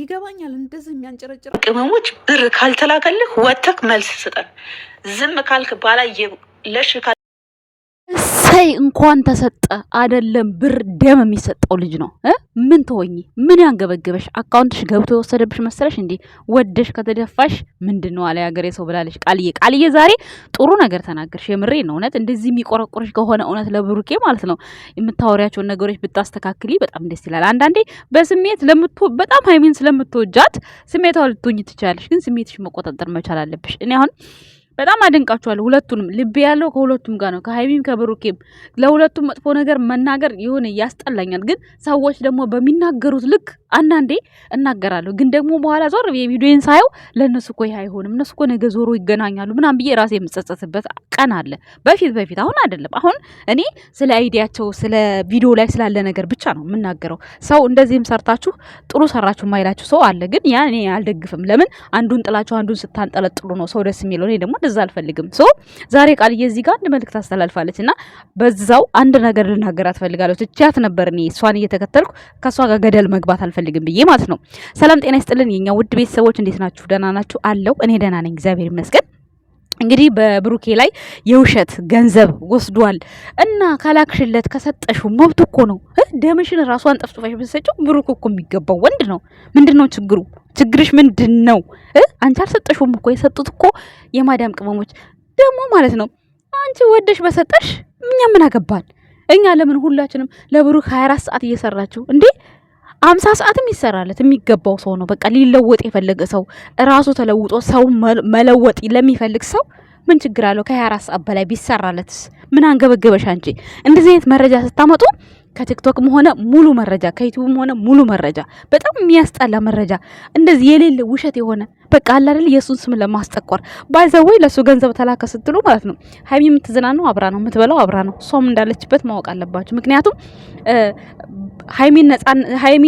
ይገባኛል እንደዚህ የሚያንጨረጭረ ቅመሞች ብር ካልተላከልህ ወተክ መልስ ስጠን። ዝም ካልክ ባላየ ለሽ ተይ እንኳን ተሰጠ አይደለም ብር ደም የሚሰጠው ልጅ ነው። ምን ተወኝ ምን ያንገበገበሽ? አካውንትሽ ገብቶ የወሰደብሽ መሰለሽ እንዴ? ወደሽ ከተደፋሽ ምንድን ነው አለ ያገሬ ሰው ብላለሽ። ቃልዬ ቃልዬ ዛሬ ጥሩ ነገር ተናገርሽ። የምሬ ነው። እውነት እንደዚህ የሚቆረቆርሽ ከሆነ እውነት ለብሩኬ ማለት ነው የምታወሪያቸውን ነገሮች ብታስተካክሊ በጣም ደስ ይላል። አንዳንዴ በስሜት ለምትወ በጣም ሀይሚን ስለምትወጃት ስሜቷ ልትሆኚ ትችላለሽ፣ ግን ስሜትሽ መቆጣጠር መቻል አለብሽ። እኔ አሁን በጣም አደንቃችኋለሁ ሁለቱንም። ልቤ ያለው ከሁለቱም ጋር ነው፣ ከሀይሚም ከብሩኬም። ለሁለቱም መጥፎ ነገር መናገር የሆነ ያስጠላኛል፣ ግን ሰዎች ደግሞ በሚናገሩት ልክ አንዳንዴ እናገራለሁ፣ ግን ደግሞ በኋላ ዞር የቪዲዮን ሳየው ለእነሱ እኮ አይሆንም፣ እነሱ እኮ ነገ ዞሮ ይገናኛሉ ምናም ብዬ ራሴ የምጸጸትበት ቀን አለ። በፊት በፊት፣ አሁን አይደለም። አሁን እኔ ስለ አይዲያቸው ስለ ቪዲዮ ላይ ስላለ ነገር ብቻ ነው የምናገረው። ሰው እንደዚህም ሰርታችሁ ጥሩ ሰራችሁ ማይላችሁ ሰው አለ፣ ግን ያ እኔ አልደግፍም። ለምን አንዱን ጥላችሁ አንዱን ስታንጠለጥሉ ነው ሰው ደስ የሚለው። እኔ ደግሞ እንደዛ አልፈልግም። ሶ ዛሬ ቃልዬ እዚህ ጋር አንድ መልእክት አስተላልፋለች እና በዛው አንድ ነገር ልናገራት እፈልጋለሁ። ትቻት ነበር እኔ እሷን እየተከተልኩ ከእሷ ጋር ገደል መግባት አልፈልግም ብዬ ማለት ነው። ሰላም ጤና ይስጥልን የኛ ውድ ቤተሰቦች እንዴት ናችሁ? ደህና ናችሁ? አለው እኔ ደህና ነኝ፣ እግዚአብሔር ይመስገን። እንግዲህ በብሩኬ ላይ የውሸት ገንዘብ ወስዷል እና ካላክሽለት ከሰጠሽው መብት እኮ ነው። ደምሽን ራሷን ጠፍጥፋሽ ብትሰጪው ብሩክ እኮ የሚገባው ወንድ ነው። ምንድን ነው ችግሩ? ችግርሽ ምንድን ነው? አንቺ አልሰጠሽውም እኮ የሰጡት እኮ የማዳም ቅመሞች ደግሞ ማለት ነው። አንቺ ወደሽ በሰጠሽ እኛ ምን አገባን? እኛ ለምን ሁላችንም ለብሩክ 24 ሰዓት እየሰራችሁ እንዴ? አምሳ ሰዓትም ይሰራለት የሚገባው ሰው ነው። በቃ ሊለወጥ የፈለገ ሰው ራሱ ተለውጦ ሰው መለወጥ ለሚፈልግ ሰው ምን ችግር አለው? ከ24 ሰዓት በላይ ቢሰራለት ምን አንገበገበሽ አንቺ? እንደዚህ አይነት መረጃ ስታመጡ ከቲክቶክም ሆነ ሙሉ መረጃ ከዩቲዩብም ሆነ ሙሉ መረጃ፣ በጣም የሚያስጠላ መረጃ፣ እንደዚህ የሌለ ውሸት የሆነ በቃ አለ አይደል የእሱን ስም ለማስጠቆር ባይዘወይ ለእሱ ገንዘብ ተላከ ስትሉ ማለት ነው። ሀይሚ የምትዝናነው አብራ ነው፣ የምትበላው አብራ ነው። እሷም እንዳለችበት ማወቅ አለባቸው። ምክንያቱም ሀይሚን ሀይሚ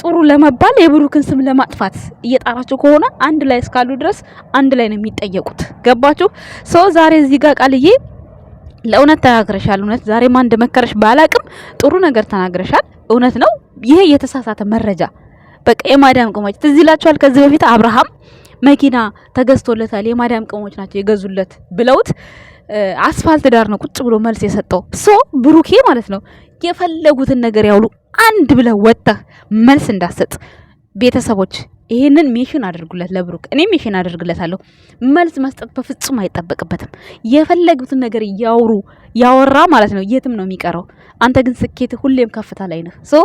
ጥሩ ለመባል የብሩክን ስም ለማጥፋት እየጣራችሁ ከሆነ አንድ ላይ እስካሉ ድረስ አንድ ላይ ነው የሚጠየቁት። ገባችሁ ሰው ዛሬ እዚህ ጋር ቃልዬ ለእውነት ተናግረሻል። እውነት ዛሬ ማን እንደመከረሽ ባላቅም ጥሩ ነገር ተናግረሻል። እውነት ነው። ይሄ የተሳሳተ መረጃ በቃ የማዳም ቅሞች ትዝ ይላችኋል። ከዚህ በፊት አብርሃም መኪና ተገዝቶለታል የማዳም ቅሞች ናቸው የገዙለት ብለውት አስፋልት ዳር ነው ቁጭ ብሎ መልስ የሰጠው ሶ ብሩኬ ማለት ነው። የፈለጉትን ነገር ያውሉ አንድ ብለህ ወጥተህ መልስ እንዳሰጥ ቤተሰቦች ይሄንን ሜሽን አድርጉለት ለብሩክ። እኔ ሜሽን አድርግለታለሁ። መልስ መስጠት በፍጹም አይጠበቅበትም። የፈለጉትን ነገር ያውሩ ያወራ ማለት ነው፣ የትም ነው የሚቀረው። አንተ ግን ስኬት ሁሌም ከፍታ ላይ ነህ። ሶ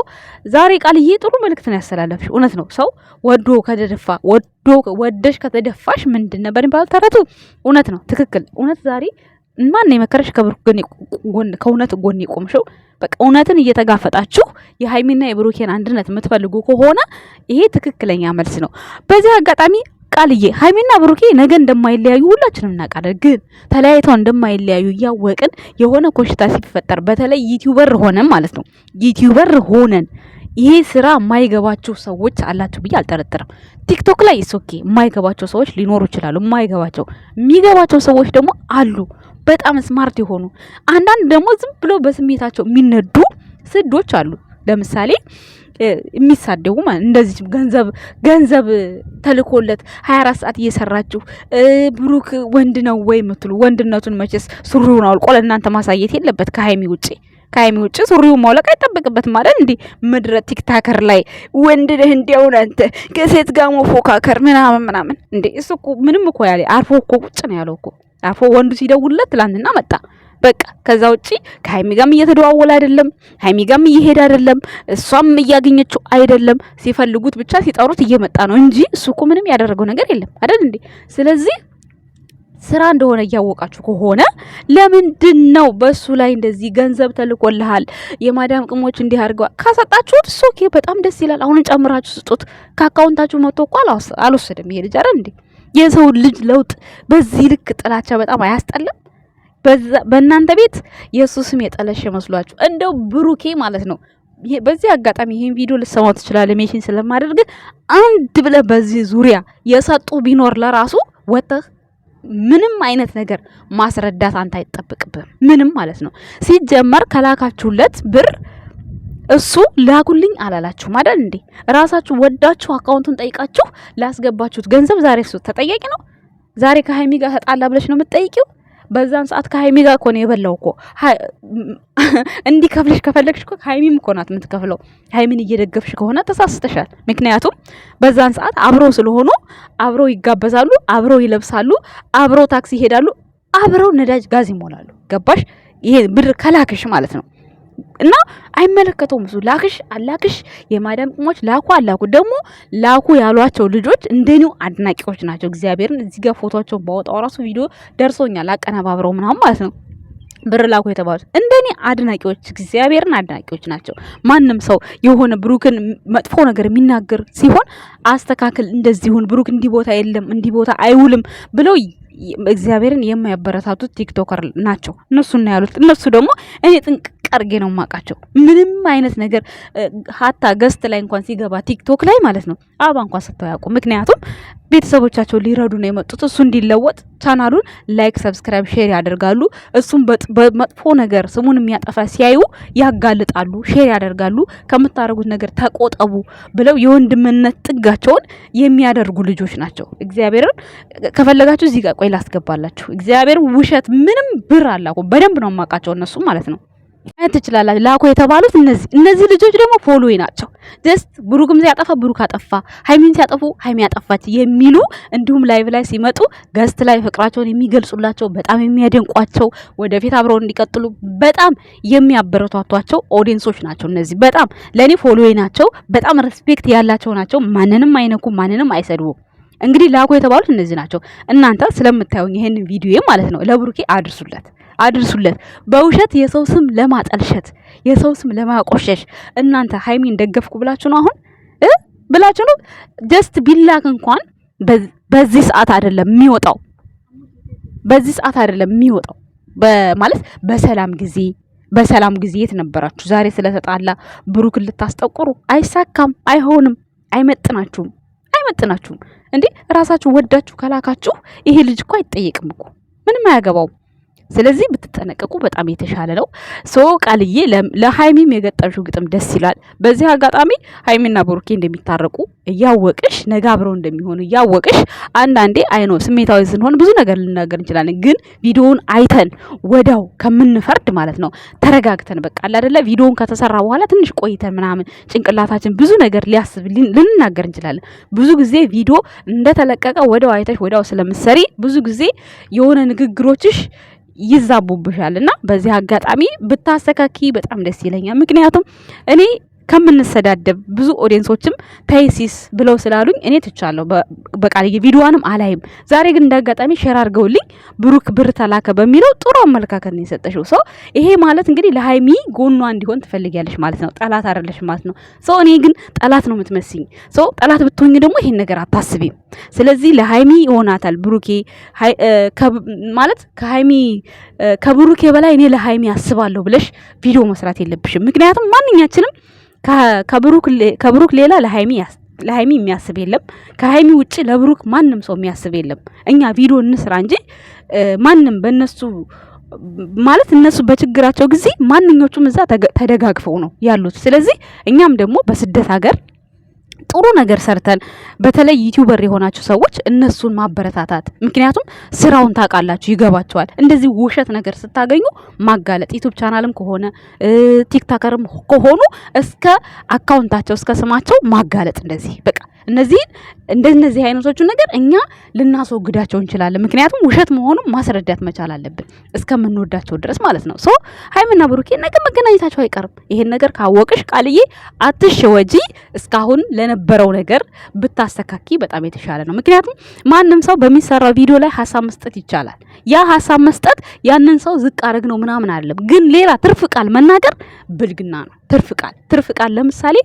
ዛሬ ቃልዬ ጥሩ መልእክት ነው ያስተላለፍሽ። እውነት ነው ሰው ወዶ ከተደፋ ወዶ ወደሽ ከተደፋሽ ምንድን ነበር የሚባለው ተረቱ? እውነት ነው፣ ትክክል እውነት ዛሬ ማን የመከረሽ? ከእውነት ጎን የቆምሽው በቃ እውነትን እየተጋፈጣችሁ የሀይሚና የብሩኬን አንድነት የምትፈልጉ ከሆነ ይሄ ትክክለኛ መልስ ነው። በዚህ አጋጣሚ ቃልዬ ሀይሚና ብሩኬ ነገ እንደማይለያዩ ሁላችንም እናውቃለን። ግን ተለያይተው እንደማይለያዩ እያወቅን የሆነ ኮሽታ ሲፈጠር በተለይ ዩቲዩበር ሆነን ማለት ነው ዩቲዩበር ሆነን ይሄ ስራ የማይገባቸው ሰዎች አላችሁ ብዬ አልጠረጥርም። ቲክቶክ ላይ ሶኬ የማይገባቸው ሰዎች ሊኖሩ ይችላሉ። የማይገባቸው የሚገባቸው ሰዎች ደግሞ አሉ። በጣም ስማርት የሆኑ አንዳንድ ደግሞ ዝም ብሎ በስሜታቸው የሚነዱ ስዶች አሉ። ለምሳሌ የሚሳደቡ ማለት እንደዚህ ገንዘብ ገንዘብ ተልኮለት ሀያ አራት ሰዓት እየሰራችሁ ብሩክ ወንድ ነው ወይ ምትሉ ወንድነቱን መቼስ ሱሪውን አውልቆ ለእናንተ ማሳየት የለበት ከሀይሚ ውጭ ከሀይሚ ውጭ ሱሪው ማውለቅ አይጠበቅበት ማለት እንዲህ ምድረ ቲክታከር ላይ ወንድ ነህ እንዲያው አንተ ከሴት ጋር መፎካከር ምናምን ምናምን እንዴ እሱ እኮ ምንም እኮ ያለ አርፎ እኮ ቁጭ ነው ያለው እኮ አፎ ወንዱ ሲደውልለት ትላንትና መጣ። በቃ ከዛ ውጪ ከሀይሚ ጋርም እየተደዋወለ አይደለም፣ ሀይሚ ጋም እየሄደ አይደለም፣ እሷም እያገኘችው አይደለም። ሲፈልጉት ብቻ ሲጠሩት እየመጣ ነው እንጂ እሱ እኮ ምንም ያደረገው ነገር የለም አይደል እንዴ? ስለዚህ ስራ እንደሆነ እያወቃችሁ ከሆነ ለምንድን ነው በሱ ላይ እንደዚህ ገንዘብ ተልኮልሃል፣ የማዳም ቅሞች እንዲህ አድርገዋል ካሰጣችሁት ሶኬ በጣም ደስ ይላል። አሁን ጨምራችሁ ስጡት። ከአካውንታችሁ መጥቶ እኮ አልወሰድም ይሄ ልጅ አይደል እንዴ? የሰው ልጅ ለውጥ በዚህ ልክ ጥላቻ በጣም አያስጠላም? በእናንተ ቤት የእሱ ስም የጠለሽ መስሏችሁ? እንደው ብሩኬ ማለት ነው። በዚህ አጋጣሚ ይህን ቪዲዮ ልሰማው ትችላለ ሜሽን ስለማደርግ አንድ ብለ በዚህ ዙሪያ የሰጡ ቢኖር ለራሱ ወጥተህ ምንም አይነት ነገር ማስረዳት አንተ አይጠብቅብህም። ምንም ማለት ነው። ሲጀመር ከላካችሁለት ብር እሱ ላጉልኝ አላላችሁ ማለት እንዴ? ራሳችሁ ወዳችሁ አካውንቱን ጠይቃችሁ ላስገባችሁት ገንዘብ ዛሬ እሱ ተጠያቂ ነው። ዛሬ ከሀይሚ ጋር ተጣላ ብለሽ ነው የምትጠይቂው? በዛን ሰዓት ከሀይሚ ጋር እኮ ነው የበላው እኮ። እንዲህ ከፍልሽ ከፈለግሽ እኮ ሀይሚም እኮ ናት የምትከፍለው። ሀይሚን እየደገፍሽ ከሆነ ተሳስተሻል። ምክንያቱም በዛን ሰዓት አብሮ ስለሆኑ አብረው ይጋበዛሉ፣ አብረው ይለብሳሉ፣ አብረው ታክሲ ይሄዳሉ፣ አብረው ነዳጅ ጋዝ ይሞላሉ። ገባሽ? ይሄ ብር ከላክሽ ማለት ነው እና አይመለከተውም። እሱ ላክሽ አላክሽ የማዳም ቅሞች ላኩ አላኩ ደግሞ ላኩ ያሏቸው ልጆች እንደኔው አድናቂዎች ናቸው። እግዚአብሔርን እዚህ ጋር ፎቶቸውን ባወጣው ራሱ ቪዲዮ ደርሶኛል። አቀነባብረው ምናምን ማለት ነው ብር ላኩ የተባሉት እንደኔ አድናቂዎች እግዚአብሔርን አድናቂዎች ናቸው። ማንም ሰው የሆነ ብሩክን መጥፎ ነገር የሚናገር ሲሆን አስተካክል፣ እንደዚሁን ብሩክ እንዲህ ቦታ የለም እንዲህ ቦታ አይውልም ብለው እግዚአብሔርን የማያበረታቱት ቲክቶከር ናቸው። ና ያሉት እነሱ ደግሞ እኔ ጥንቅቅ አርጌ ነው የማውቃቸው። ምንም አይነት ነገር ሀታ ገስት ላይ እንኳን ሲገባ ቲክቶክ ላይ ማለት ነው አባ እንኳን ሰጥተው ያውቁ። ምክንያቱም ቤተሰቦቻቸው ሊረዱ ነው የመጡት። እሱ እንዲለወጥ ቻናሉን ላይክ፣ ሰብስክራይብ፣ ሼር ያደርጋሉ። እሱም በመጥፎ ነገር ስሙን የሚያጠፋ ሲያዩ ያጋልጣሉ፣ ሼር ያደርጋሉ። ከምታደርጉት ነገር ተቆጠቡ ብለው የወንድምነት ጥጋቸውን የሚያደርጉ ልጆች ናቸው። እግዚአብሔርን ከፈለጋችሁ እዚህ ጋር ቆይ ላስገባላችሁ። እግዚአብሔር ውሸት ምንም ብር አላኩ። በደንብ ነው የማውቃቸው እነሱ ማለት ነው። ማየት ትችላላችሁ። ላኮ የተባሉት እነዚህ እነዚህ ልጆች ደግሞ ፎሎዌ ናቸው። ጀስት ብሩክም ሲያጠፋ ብሩክ አጠፋ፣ ሀይሚን ሲያጠፉ ሀይሚ አጠፋች የሚሉ እንዲሁም ላይቭ ላይ ሲመጡ ገስት ላይ ፍቅራቸውን የሚገልጹላቸው በጣም የሚያደንቋቸው ወደፊት አብረው እንዲቀጥሉ በጣም የሚያበረታቷቸው ኦዲየንሶች ናቸው። እነዚህ በጣም ለእኔ ፎሎዌ ናቸው። በጣም ሬስፔክት ያላቸው ናቸው። ማንንም አይነኩም፣ ማንንም አይሰድቡም። እንግዲህ ላኮ የተባሉት እነዚህ ናቸው። እናንተ ስለምታዩኝ ይሄንን ቪዲዮ ማለት ነው ለብሩኬ አድርሱለት። አድርሱለት። በውሸት የሰው ስም ለማጠልሸት፣ የሰው ስም ለማቆሸሽ እናንተ ሀይሚን ደገፍኩ ብላችሁ ነው አሁን ብላችሁ ነው። ጀስት ቢላክ እንኳን በዚህ ሰዓት አይደለም የሚወጣው፣ በዚህ ሰዓት አይደለም የሚወጣው። ማለት በሰላም ጊዜ በሰላም ጊዜ የት ነበራችሁ? ዛሬ ስለተጣላ ብሩክ ልታስጠቁሩ አይሳካም፣ አይሆንም፣ አይመጥናችሁም፣ አይመጥናችሁም። እንዴ ራሳችሁ ወዳችሁ ከላካችሁ ይሄ ልጅ እኮ አይጠየቅም እኮ ምንም አያገባውም። ስለዚህ ብትጠነቀቁ በጣም የተሻለ ነው። ሶ ቃልዬ ለሀይሚም የገጠምሽው ግጥም ደስ ይላል። በዚህ አጋጣሚ ሀይሚና ብሩኬ እንደሚታረቁ እያወቅሽ ነገ አብረው እንደሚሆኑ እያወቅሽ አንዳንዴ አይኖ ስሜታዊ ስንሆን ብዙ ነገር ልናገር እንችላለን። ግን ቪዲዮውን አይተን ወዳው ከምንፈርድ ማለት ነው ተረጋግተን በቃ አይደለ ቪዲዮውን ከተሰራ በኋላ ትንሽ ቆይተን ምናምን ጭንቅላታችን ብዙ ነገር ሊያስብ ልንናገር እንችላለን። ብዙ ጊዜ ቪዲዮ እንደተለቀቀ ወዳው አይተሽ ወዳው ስለምሰሪ ብዙ ጊዜ የሆነ ንግግሮችሽ ይዛቡብሻል እና በዚህ አጋጣሚ ብታስተካኪ በጣም ደስ ይለኛል። ምክንያቱም እኔ ከምንሰዳደብ ብዙ ኦዲየንሶችም ተይሲስ ብለው ስላሉኝ እኔ ትቻለሁ። በቃልዬ ቪዲዮዋንም አላይም። ዛሬ ግን እንደ ሼር አድርገውልኝ ብሩክ ብር ተላከ በሚለው ጥሩ አመለካከት ነው የሰጠሽው ሰው። ይሄ ማለት እንግዲህ ለሀይሚ ጎኗ እንዲሆን ትፈልጊያለሽ ማለት ነው። ጠላት አይደለሽ ማለት ነው ሰው። እኔ ግን ጠላት ነው የምትመስኝ ሰው። ጠላት ብትሆኝ ደግሞ ይሄን ነገር አታስቢም። ስለዚህ ለሀይሚ ይሆናታል ብሩኬ ማለት ከሀይሚ ከብሩኬ በላይ እኔ ለሀይሚ አስባለሁ ብለሽ ቪዲዮ መስራት የለብሽም። ምክንያቱም ማንኛችንም ከብሩክ ሌላ ለሀይሚ ለሀይሚ የሚያስብ የለም። ከሀይሚ ውጭ ለብሩክ ማንም ሰው የሚያስብ የለም። እኛ ቪዲዮ እንስራ እንጂ ማንም በእነሱ ማለት እነሱ በችግራቸው ጊዜ ማንኞቹም እዛ ተደጋግፈው ነው ያሉት። ስለዚህ እኛም ደግሞ በስደት ሀገር ጥሩ ነገር ሰርተን በተለይ ዩቲዩበር የሆናችሁ ሰዎች እነሱን ማበረታታት፣ ምክንያቱም ስራውን ታውቃላችሁ፣ ይገባችኋል። እንደዚህ ውሸት ነገር ስታገኙ ማጋለጥ ዩቱብ ቻናልም ከሆነ ቲክታከርም ከሆኑ እስከ አካውንታቸው እስከ ስማቸው ማጋለጥ እንደዚህ በቃ እነዚህን እንደነዚህ አይነቶቹን ነገር እኛ ልናስወግዳቸው እንችላለን። ምክንያቱም ውሸት መሆኑን ማስረዳት መቻል አለብን እስከምንወዳቸው ድረስ ማለት ነው። ሶ ሀይምና ብሩኬ ነገ መገናኘታቸው አይቀርም። ይሄን ነገር ካወቅሽ ቃልዬ ወጂ እስካሁን ለነበ የነበረው ነገር ብታስተካኪ በጣም የተሻለ ነው። ምክንያቱም ማንም ሰው በሚሰራው ቪዲዮ ላይ ሀሳብ መስጠት ይቻላል። ያ ሀሳብ መስጠት ያንን ሰው ዝቅ አረግ ነው ምናምን አይደለም። ግን ሌላ ትርፍ ቃል መናገር ብልግና ነው። ትርፍ ቃል ትርፍ ቃል ለምሳሌ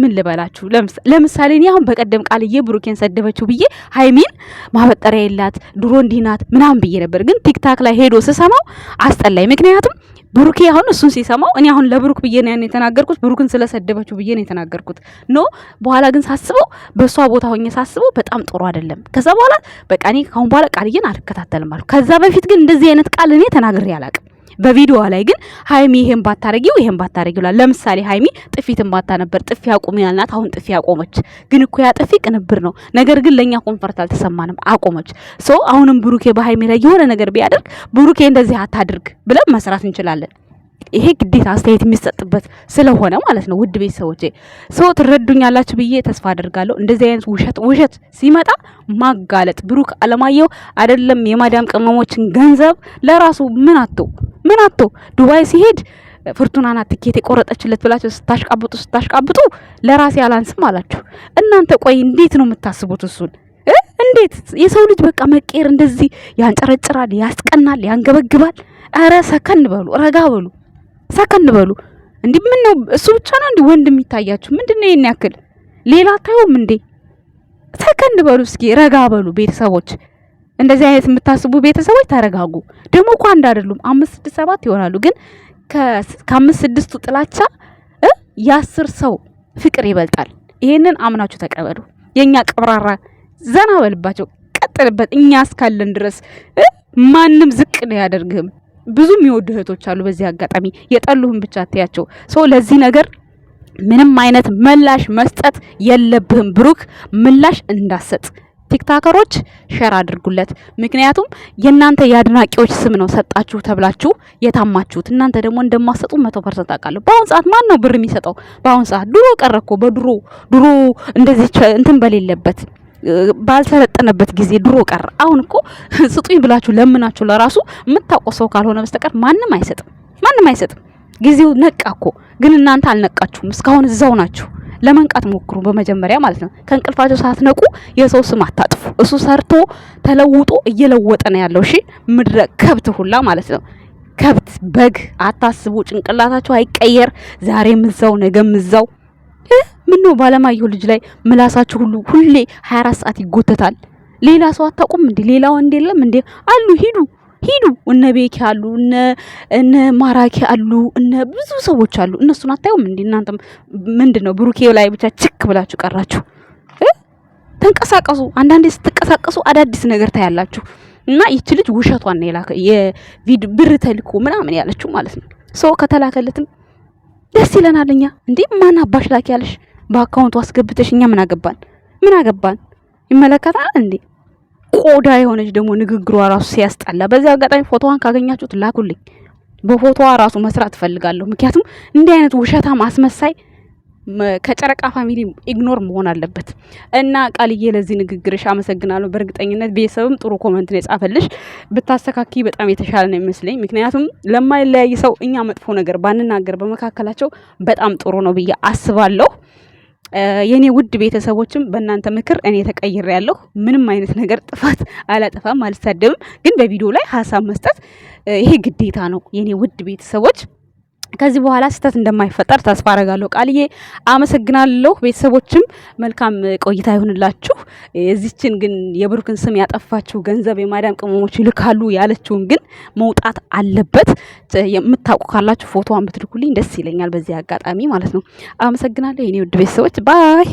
ምን ልበላችሁ፣ ለምሳሌ እኔ አሁን በቀደም ቃልዬ ብሩኬን ሰደበችው ብዬ ሀይሚን ማበጠሪያ የላት ድሮ እንዲናት ምናምን ብዬ ነበር። ግን ቲክታክ ላይ ሄዶ ስሰማው አስጠላኝ። ምክንያቱም ብሩኬ አሁን እሱን ሲሰማው እኔ አሁን ለብሩክ ብዬ ነው የተናገርኩት፣ ብሩክን ስለሰደበችው ብዬ ነው የተናገርኩት ኖ። በኋላ ግን ሳስበው በእሷ ቦታ ሆኜ ሳስበው በጣም ጥሩ አይደለም። ከዛ በኋላ በቃ እኔ ካሁን በኋላ ቃልዬን አልከታተልም አልኩ። ከዛ በፊት ግን እንደዚህ አይነት ቃል እኔ ተናግሬ አላቅም። በቪዲዮዋ ላይ ግን ሀይሚ ይሄን ባታረጊው ይሄን ባታረጊው ላል። ለምሳሌ ሀይሚ ጥፊትን ባታ ነበር ጥፊ አቁሚ ያልናት፣ አሁን ጥፊ አቆመች። ግን እኮ ያ ጥፊ ቅንብር ነው። ነገር ግን ለእኛ ኮንፈርት አልተሰማንም፣ አቆመች። ሶ አሁንም ብሩኬ በሀይሚ ላይ የሆነ ነገር ቢያደርግ ብሩኬ እንደዚህ አታድርግ ብለን መስራት እንችላለን። ይሄ ግዴታ አስተያየት የሚሰጥበት ስለሆነ ማለት ነው። ውድ ቤተሰቦቼ ሰው ትረዱኛላችሁ ብዬ ተስፋ አደርጋለሁ። እንደዚህ አይነት ውሸት ውሸት ሲመጣ ማጋለጥ ብሩክ አለማየሁ አይደለም የማዳም ቅመሞችን ገንዘብ ለራሱ ምን አቶ ምን አቶ ዱባይ ሲሄድ ፍርቱና ትኬት የቆረጠችለት ብላችሁ ስታሽቃብጡ ስታሽቃብጡ ለራሴ አላንስም አላችሁ እናንተ። ቆይ እንዴት ነው የምታስቡት? እሱን እንዴት የሰው ልጅ በቃ መቀየር እንደዚህ ያንጨረጭራል፣ ያስቀናል፣ ያንገበግባል። እረ ሰከን በሉ፣ ረጋ በሉ። ሰከን በሉ። እንዲህ ምን ነው እሱ ብቻ ነው እንዲህ ወንድ የሚታያችሁ? ምንድነው ይሄን ያክል ሌላ ታዩም እንዴ? ሰከን በሉ እስኪ፣ ረጋ በሉ ቤተሰቦች። እንደዚህ አይነት የምታስቡ ቤተሰቦች ተረጋጉ። ደግሞ እኮ አንድ አይደሉም፣ አምስት ስድስት ሰባት ይሆናሉ። ግን ከአምስት ስድስቱ ጥላቻ የአስር ሰው ፍቅር ይበልጣል። ይሄንን አምናችሁ ተቀበሉ። የኛ ቀብራራ ዘና በልባቸው፣ ቀጥልበት። እኛ እስካለን ድረስ ማንም ዝቅ ነው ያደርግም። ብዙ የሚወዱ እህቶች አሉ። በዚህ አጋጣሚ የጠሉህን ብቻ አትያቸው። ሰው ለዚህ ነገር ምንም አይነት ምላሽ መስጠት የለብህም ብሩክ፣ ምላሽ እንዳሰጥ ቲክታከሮች ሸር አድርጉለት። ምክንያቱም የእናንተ የአድናቂዎች ስም ነው ሰጣችሁ ተብላችሁ የታማችሁት። እናንተ ደግሞ እንደማሰጡ መቶ ፐርሰንት አውቃለሁ። በአሁን ሰዓት ማን ነው ብር የሚሰጠው? በአሁን ሰዓት ድሮ ቀረኮ በድሮ ድሮ እንደዚህ እንትን በሌለበት ባልሰለጠነበት ጊዜ ድሮ ቀረ። አሁን እኮ ስጡኝ ብላችሁ ለምናችሁ ለራሱ የምታውቀው ሰው ካልሆነ በስተቀር ማንም አይሰጥም፣ ማንም አይሰጥም። ጊዜው ነቃ እኮ ግን እናንተ አልነቃችሁም። እስካሁን እዛው ናችሁ። ለመንቃት ሞክሩ በመጀመሪያ ማለት ነው። ከእንቅልፋቸው ሳትነቁ የሰው ስም አታጥፉ። እሱ ሰርቶ ተለውጦ እየለወጠ ነው ያለው። እሺ ምድረ ከብት ሁላ ማለት ነው ከብት በግ አታስቡ። ጭንቅላታቸው አይቀየር። ዛሬም እዛው ነገም እዛው ምን ነው ባለማየሁ ልጅ ላይ ምላሳችሁ ሁሉ ሁሌ 24 ሰዓት ይጎተታል። ሌላ ሰው አታውቁም እንዴ? ሌላ ወንድ የለም እንዴ? አሉ ሂዱ ሂዱ እነ ቤኪ አሉ እነ እነ ማራኪ አሉ እነ ብዙ ሰዎች አሉ። እነሱን አታዩም እንዴ? እናንተም ምንድን ነው ብሩኬ ላይ ብቻ ችክ ብላችሁ ቀራችሁ። ተንቀሳቀሱ። አንዳንዴ ስትንቀሳቀሱ አዳዲስ ነገር ታያላችሁ። እና ይቺ ልጅ ውሸቷን ነው የላከ የቪዲዮ ብር ተልኮ ምናምን ያለችው ማለት ነው። ሰው ከተላከለትም ደስ ይለናል እኛ። እንዴ ማን አባሽ ላኪ ያለሽ? በአካውንቱ አስገብተሽ እኛ ምን አገባን? ምን አገባን? ይመለከታል እንዴ? ቆዳ የሆነች ደግሞ ንግግሯ ራሱ ሲያስጠላ። በዚህ አጋጣሚ ፎቶዋን ካገኛችሁት ላኩልኝ። በፎቶዋ ራሱ መስራት እፈልጋለሁ። ምክንያቱም እንዲህ አይነት ውሸታም አስመሳይ ከጨረቃ ፋሚሊ ኢግኖር መሆን አለበት። እና ቃልዬ ለዚህ ንግግርሽ አመሰግናለሁ። በእርግጠኝነት ቤተሰብም ጥሩ ኮመንት ነው የጻፈልሽ። ብታስተካኪ በጣም የተሻለ ነው ይመስለኝ። ምክንያቱም ለማይለያይ ሰው እኛ መጥፎ ነገር ባንናገር በመካከላቸው በጣም ጥሩ ነው ብዬ አስባለሁ። የእኔ ውድ ቤተሰቦችም በእናንተ ምክር እኔ ተቀይሬ ያለሁ ምንም አይነት ነገር ጥፋት አላጠፋም፣ አልሳደብም። ግን በቪዲዮ ላይ ሀሳብ መስጠት ይሄ ግዴታ ነው የእኔ ውድ ቤተሰቦች ከዚህ በኋላ ስህተት እንደማይፈጠር ተስፋ አረጋለሁ። ቃልዬ አመሰግናለሁ። ቤተሰቦችም መልካም ቆይታ ይሁንላችሁ። እዚችን ግን የብሩክን ስም ያጠፋችሁ ገንዘብ የማዳም ቅመሞች ይልካሉ ያለችውን ግን መውጣት አለበት። የምታውቁ ካላችሁ ፎቶዋን ብትልኩልኝ ደስ ይለኛል፣ በዚህ አጋጣሚ ማለት ነው። አመሰግናለሁ የኔ ውድ ቤተሰቦች ባይ